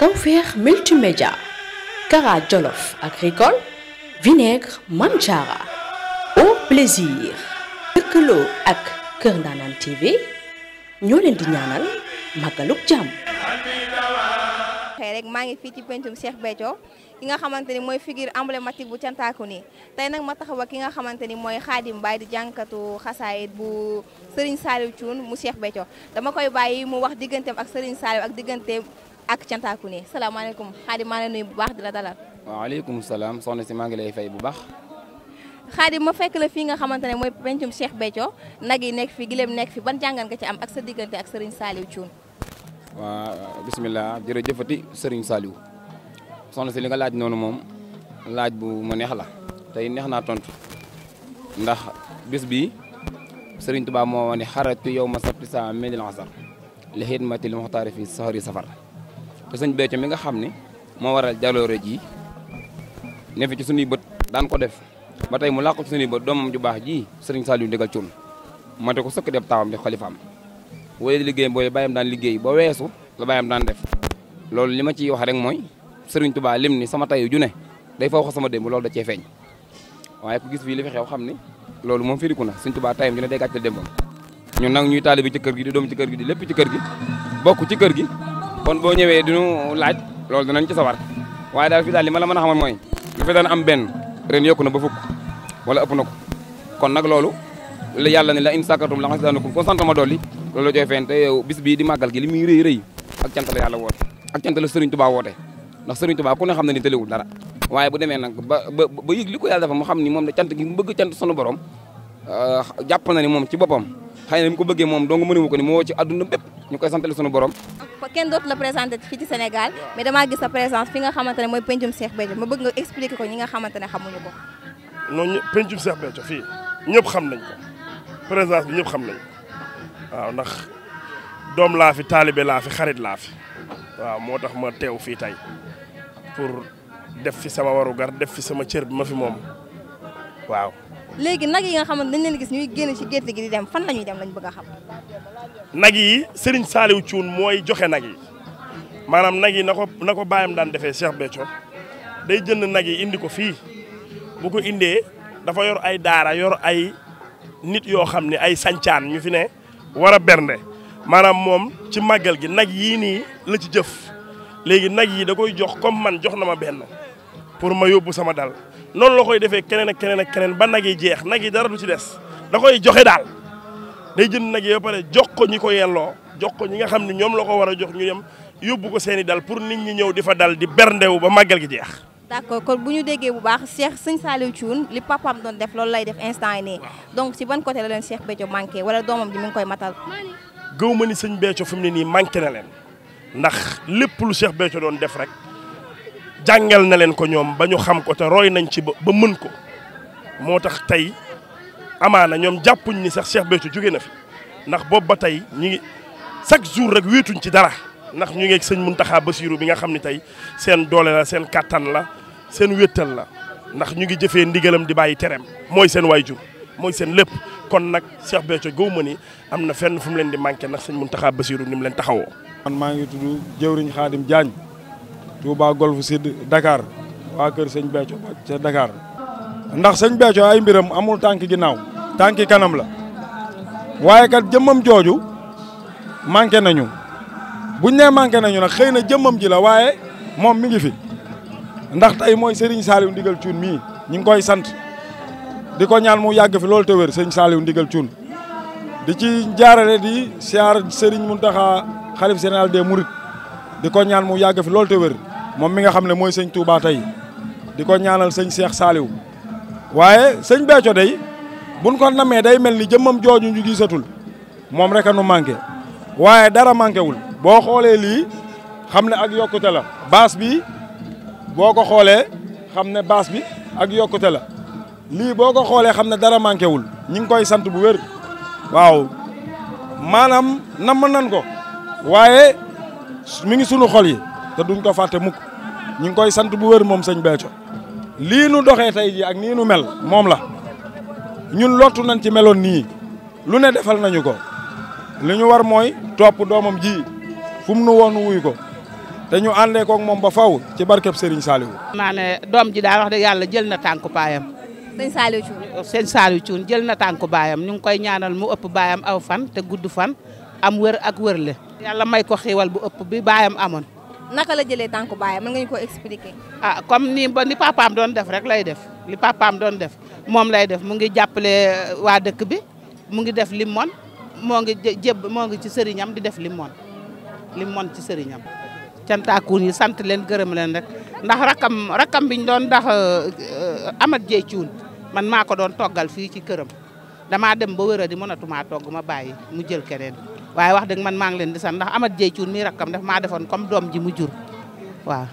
Tawfekh multimédia Kara Jolof agricole vinaigre Manjara au plaisir lëkkaloo ak Kër Ndaanaan TV ñoo leen di ñaanal màggalub jàmm. xëy rek maa ngi fii ci pencum seex Béthio ki nga xamante ni mooy figure emblématique bu cantaaku ni tey nag ma taxaw ak ki nga xamante ni mooy Xaadim Baay di jànkatu xasaayit bu Serigne Saliou Thioune mu seex Béthio dama koy bàyyi mu wax digganteem ak Serigne Saliou ak digganteem ak cantaaku ni salaamaaleykum Xaadim maa ngi bu baax di la dalal. waaleykum salaam soxna si maa ngi lay fay bu baax. Xaadim ma fekk la fii nga xamante ne mooy pencum Cheikh Béthio nag yi nekk fi gileem nekk fi ban jàngan nga ci am ak sa diggante ak Serigne Saliou Thioune. waaw bisimilah jërëjëfati Serigne Saliou si li laaj noonu moom laaj bu ma neex la tey neex naa tontu ndax bis bi sëriñ Touba moo wane xaratu yow ma sabti saa mel ni asar li xidmati li muxtaari fi safar te sëñ Béthio mi nga xam ne moo waral jaloore ji ne fi ci sunuy bët daan ko def. ba tey mu làqu suñu ba doomam ju baax ji sëriñ Saliou Ndigal Thioune mate ko sëkk def taawam def xalifaam wala liggéey de bàyyam daan liggéey ba weesu la bàyyam daan def loolu li ma ciy wax rek mooy sëriñ Touba lim ni sama tay ju ne day faw ko sama dem loolu da cee feeñ ku gis fii li fi xew xam ni loolu moom firiku na sëriñ Touba tayam ju ne day gàccal démbam ñun nag ñuy taalibi ci kër gi di doom ci kër gi di lépp ci kër gi bokk ci kër gi kon boo ñëwee duñu laaj loolu danañ ci sawar waaye daal fi daal li ma la man a xamal mooy lu fi daan am benn ren yokku na ba fukk wala ëpp na ko kon nag loolu la yàlla ne la in sàkkartum la xas daanakum consentement dolli loolu joy fen te yow bis bii di magal gi mi muy rëy rëy ak cant la yàlla woote ak cant la Serigne Touba woote ndax Serigne Touba ku ne xam na ni tëlewul dara waaye bu demee nag ba ba yëg li ko yàlla dafa mu xam ni moom da cant gi mu bëgg cant sunu borom euh, jàpp na ni moom ci boppam xëy na ni mu ko bëggee moom dong mënewu ko ni moo ci àdduna bépp ñu koy santale suñu borom kenn dootu la présenté fii ci Sénégal mais damaa gis sa présence fi nga xamante ne mooy pencum Cheikh Béthio ma bëgg nga expliquer ko ñi nga xamante ne xamuñu ko noonu pencum Cheikh Béthio fii ñëpp xam nañ ko présence bi ñëpp xam nañ ko waaw ndax doom laa fi taalibe laa fi xarit laa fi waaw moo tax ma teew fii tey pour def fi sama warugar def fi sama cër bi ma fi moom waaw léegi nag yi nga xam ne dañ leen gis ñuy génn ci gerte gi di dem fan la ñuy dem lañ bëgg a xam. nag yi sëriñ Saliou Thioune mooy joxe nag yi maanaam nag yi na ko na ko bàyyam daan defee Cheikh Béthio day jënd nag yi indi ko fii bu ko indee dafa yor ay daara yor ay nit yoo xam ni ay sancaan ñu fi ne war a bernde maanaam moom ci màggal gi nag yi nii la ci jëf léegi nag yi da koy jox comme man jox na ma benn pour ma yóbbu sama dal noonu la koy defee keneen ak keneen ak keneen ba nag yi jeex nag yi dara du ci des da koy joxe daal day jënd nag yi ba pare jox ko ñi ko yelloo jox ko ñi nga xam ne ñoom la ko war a jox ñu yem yóbbu ko seeni dal pour ni ñu ñëw di dal di berndewu ba màggal gi jeex. d'accord kon bu ñu déggee bu baax Cheikh Sëñ Saliou Thioune li papaam doon def loolu lay def instant yi nii donc si ban côté la leen Cheikh Béthio manqué wala doomam ji mi ngi koy matal. gëw ma ni sëñ Béthio fi mu ne nii manqué na leen ndax lépp lu Cheikh Béthio doon def rek. jàngal na leen ko ñoom ba ñu xam ko te roy nañ ci ba ba mën ko moo tax tey amaana ñoom jàppuñ ni sax Cheikh Béthio jóge na fi ndax boobu ba tey ñu ngi chaque jour rek wéetuñ ci dara ndax ñu ngi mun sëñ Muntaxa Basiru bi nga xam ni tey seen doole la seen kattan la seen wéttal la ndax ñu ngi jëfee ndigalam di bàyyi tereem mooy seen waajur mooy seen lépp kon nag Cheikh Béthio gëw ma ni am na fenn fu mu leen di nax ndax mun Muntaxa Basiru ni mu leen taxawoo. maa ngi tudd jëwriñ Xaadim Jaañ Touba Golf Sud Dakar waa kër sëñ Béthio ca Dakar ndax sëñ Béthio ay mbiram amul tànk gi ginnaaw tànki kanam la waaye kat jëmmam jooju manqué nañu buñ nee manqué nañu nag xëy na jëmmam ji la waaye moom mi ngi fi ndax tey mooy Serigne Saliou Ndigal Thioune mii ñu ngi koy sant di ko ñaan mu yàgg fi loolu te wër sëñ saali Ndigal Thioune di ci jaarale di siyaar Serigne Mountakha xalif général des Mourides di ko ñaan mu yàgg fi loolu te wér moom mi nga xam ne mooy sëñ Touba tey di ko ñaanal sëñ Cheikh Saliou waaye sëñ Béthio day buñ ko namee day mel ni jëmmam jooju ñu gisatul moom rek a nu manqué waaye dara manqué wul boo xoolee lii xam ne ak yokkute la baas bi boo ko xoolee xam ne baas bi ak yokkute la lii boo ko xoolee xam ne dara manqué wul ñi ngi koy sant bu wér waaw maanaam namm nan ko waaye mi ngi sunu xol yi te duñ ko fàtte mukk ñu ngi koy sant bu wér moom sëñ Béthio lii nu doxee tey jii ak nii nu mel moom la ñun lottu nañ ci meloon nii lu ne defal nañu ko li ñu war mooy topp doomam ji fu mu nu woon wuy ko te ñu àndee koog moom ba faw ci barkeb Serigne Saliou. maa doom ji daal wax yàlla jël na tànku baayam. sëñ Saliou Thioune. sëñ jël na tànku baayam ñu ngi koy ñaanal mu ëpp baayam aw fan te gudd fan am wër ak wër le yàlla may ko xéewal bu ëpp bi baayam amoon. naka la jëlee tànku baayam mën nga ñu ko expliquer. ah comme ni ba ni papaam doon def rek lay def li papaam doon def moom lay def mu ngi jàppale uh, waa dëkk bi mu ngi def limon moon moo ngi jéb moo ngi ci sëriñam di def lim moon lim moon ci sëriñam. cantaakuun yi sant leen gërëm leen rek ndax rakam rakam biñ doon ndax uh, uh, amat jey cuun man maa ko doon toggal fii ci këram damaa dem ba wér di mënatumaa togg ma bàyyi mu jël keneen. waaye wax dëgg man maa ngi leen di sant ndax amat jey cuun mi rakkam daf maa defoon comme doom ji mu jur waaw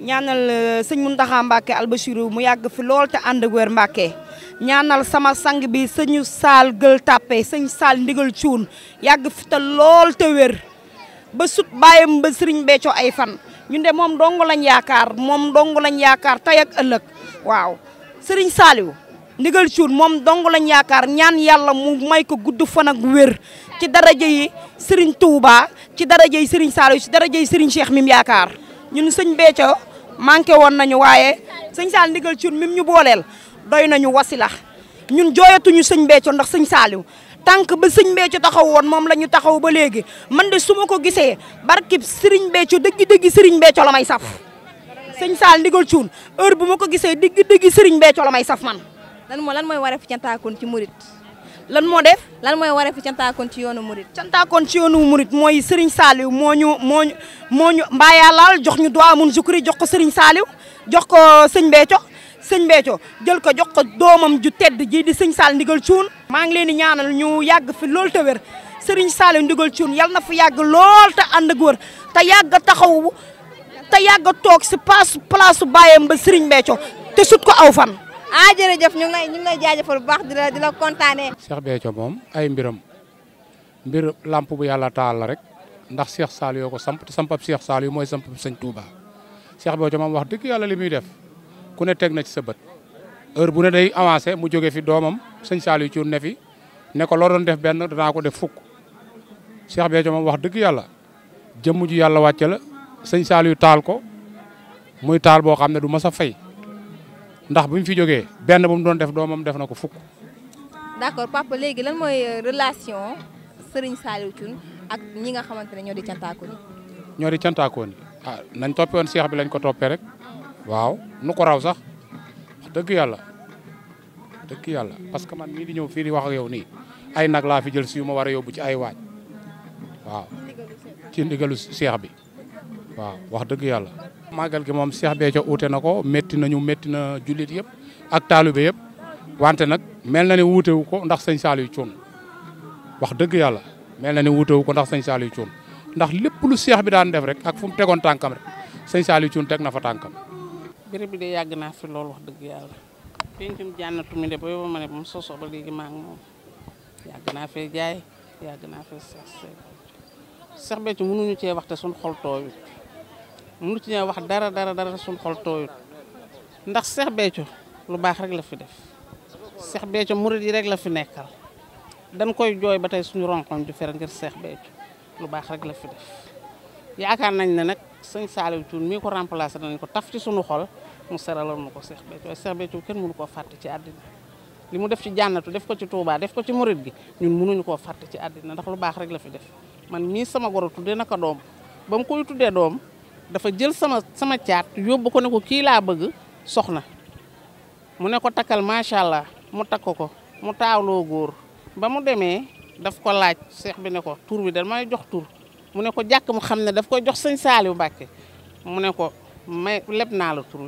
ñaanal euh, sëñ al Mbàkke Albachirou mu yàgg fi lool te ànd ak wér Mbàkke ñaanal sama sang bi sëñu saal gël tàppe sëñ saal ndigal cuun yàgg fi te lool te wér ba sut bàyyam ba sëriñ Béthio ay fan ñu de moom dong lañ yaakaar moom dong lañ yaakaar tey ak ëllëg waaw sëriñ Saaliw ndigal cuun moom dong lañ yaakaar ñaan yàlla mu may ko gudd fan ak wér ci daraja yi Serigne Touba ci daraja yi Serigne Saliou ci daraja yi Serigne Cheikh mi mu yaakaar ñun sëñ Béthio manqué woon nañu waaye sëñ Saliou ndigal ci mim ñu booleel doy nañu wasila ñun jooyatuñu sëñ Béthio ndax sëñ Saliou tànk ba sëñ Béthio taxaw woon moom la ñu taxaw ba léegi man de su ma ko gisee barkib Serigne Béthio dëgg-dëgg Serigne Béthio la may saf sëñ Saliou ndigal cuun heure bu ma ko gisee dëgg-dëgg Serigne Béthio la may saf man lan moo lan mooy wareef cantaakoon ci murit lan moo def lan mooy waree fi cantaakoon ci yoonu murit cantaakoon ci yoonu murit mooy Serigne saaliw moo ñu moo ñu moo ñu mbaa laal jox ñu doo amun jukuri jox ko Serigne Saliou jox ko sëñ Béthio sëñ Béthio jël ko jox ko doomam ju tedd ji di sëñ Sall ndigal cuun maa ngi leen di ñaanal ñu yàgg fi loolu te wér Serigne Saliou ndigal cuun yal na fi yàgg lool te ànd ak te yàgg taxaw te yàgg toog si paas place su bàyyam ba Serigne Béthio te sut ko aw fan ah jërëjëf ñu ngi lay ñu ngi baax di la kontaanee. Cheikh Béthio moom ay mbiram mbir làmp bu yàlla taal la rek ndax Cheikh Saliou yoo ko samp te sampab Cheikh mooy sampab sëñ Touba Cheikh Béthio moom wax dëgg yàlla li muy def ku ne teg na ci sa bët heure bu ne day avancé mu jóge fi doomam sëñ yu Thioune ne fi ne ko loo doon def benn danaa ko def fukk Cheikh Béthio moom wax dëgg yàlla jëmm ju yàlla wàcce la sëñ yu taal ko muy taal boo xam ne du mas a fay. ndax bu ñu fi jógee benn bu mu doon def doomam def na ko fukk. d'accord papa léegi lan mooy euh, relation Serigne Saliou Thioune ak ñi nga xamante ne ñoo di cantaakoon yi. ñoo di cantaakoon yi ah nañ toppee seex bi lañ ko toppee rek waaw nu ko raw sax wax dëgg yàlla dëgg yàlla parce que man mii di ñëw fii di wax ak yow nii ay nag laa fi jël si yu ma war a yóbbu ci ay waañ waaw. ci ndigalu seex bi waaw wax dëgg yàlla. màggal gi moom Cheikh Béthio uute na ko métti nañu metti na jullit yëpp ak taalibe yëpp wante nag mel na ne wuute wu ko ndax sëñ Saliou Thioune wax dëgg yàlla mel na ne wuute wu ko ndax sëñ Saliou Thioune ndax lépp lu seex bi daan def rek ak fu mu tegoon tànkam rek sëñ Saliou Thioune teg na fa tànkam. béréb bi de yàgg naa fi loolu wax dëgg yàlla. pencum jànnatu mi de ba yóbbu ma ne moom sosoo ba léegi maa ngi moom yàgg naa fee jaay yàgg naa fee Cheikh Seck Cheikh Béthio mënuñu cee waxte suñu xol tooyut mënu ci ñoo wax dara dara dara suñ xol tooyut ndax Cheikh Béthio lu baax rek la fi def Cheikh Béthio yi rek la fi nekkal dañ koy jooy ba tey suñu ronkoñ ju fer ngir Cheikh Béthio lu baax rek la fi def yaakaar nañ ne nag sëñ Saliou Thioune mii ko remplacé danañ ko taf ci suñu xol mu seraloon mu ko seex Béthio waaye Cheikh Béthio kenn mënu koo fàtte ci àddina li mu def ci jànnatu def ko ci Touba def ko ci murid gi ñun mënuñu koo fàtte ci àddina ndax lu baax rek la fi def man mii sama goro tuddee naka doom ba mu tuddee doom dafa jël sama sama caat yóbbu ko ne ko kii laa bëgg soxna mu ne ko takkal macha allah mu takk ko mu taawloo góor ba mu demee daf ko laaj seex bi ne ko tur bi da may jox tur mu ne ko jàkk mu xam ne daf koy jox sëñ Saaliw Mbàkke mu ne ko may leb naa la tur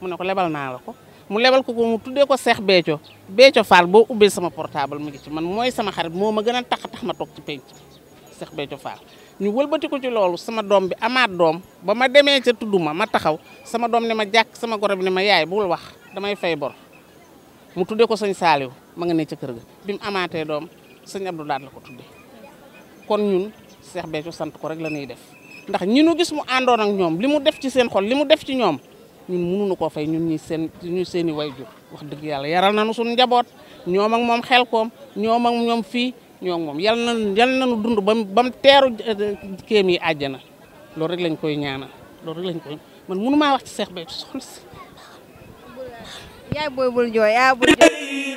mu ne ko lebal naa la ko mu lebal ko ko mu tuddee ko seex Béthio Béthio Fall boo ubbee sama portable mu ngi ci man mooy sama xarit moo ma gën a tax tax ma toog ci penc seex Béthio Fall ñu wëlbati ko ci loolu sama doom bi amaat doom ba ma demee ca tudd ma ma taxaw sama doom ne ma jàkk sama goro bi ne ma yaay bul wax damay fay bor mu tuddee ko sëñ Saaliw ma nga ne ca kër ga bi mu amaatee doom sëñ Abdou Daat la ko tuddee kon ñun Cheikh Béthio sant ko rek la ñuy def ndax ñi nu gis mu àndoon ak ñoom li mu def ci seen xol li mu def ci ñoom ñun mënuñu koo fay ñu ñi seen ñu seeni way jur wax dëgg yàlla yaral nañu suñu njaboot ñoom ak moom xel koom fii ñoo moom yal na yal nañu dund ba ba mu teeru eh, kéem yi àjjana loolu rek lañ koy ñaana loolu rek lañ koy man mënu maa wax ci Cheikh Béthio soxna si. yaay booy bul jooy yaay bul jooy.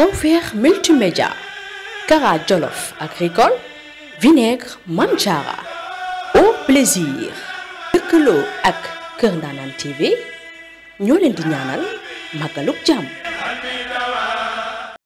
Tawfekh multimédia Kara Jolof agricole vinaigre Manjara au plaisir lëkkaloo ak Kër Ndanaan TV ñoo leen di ñaanal màggaluk jàmm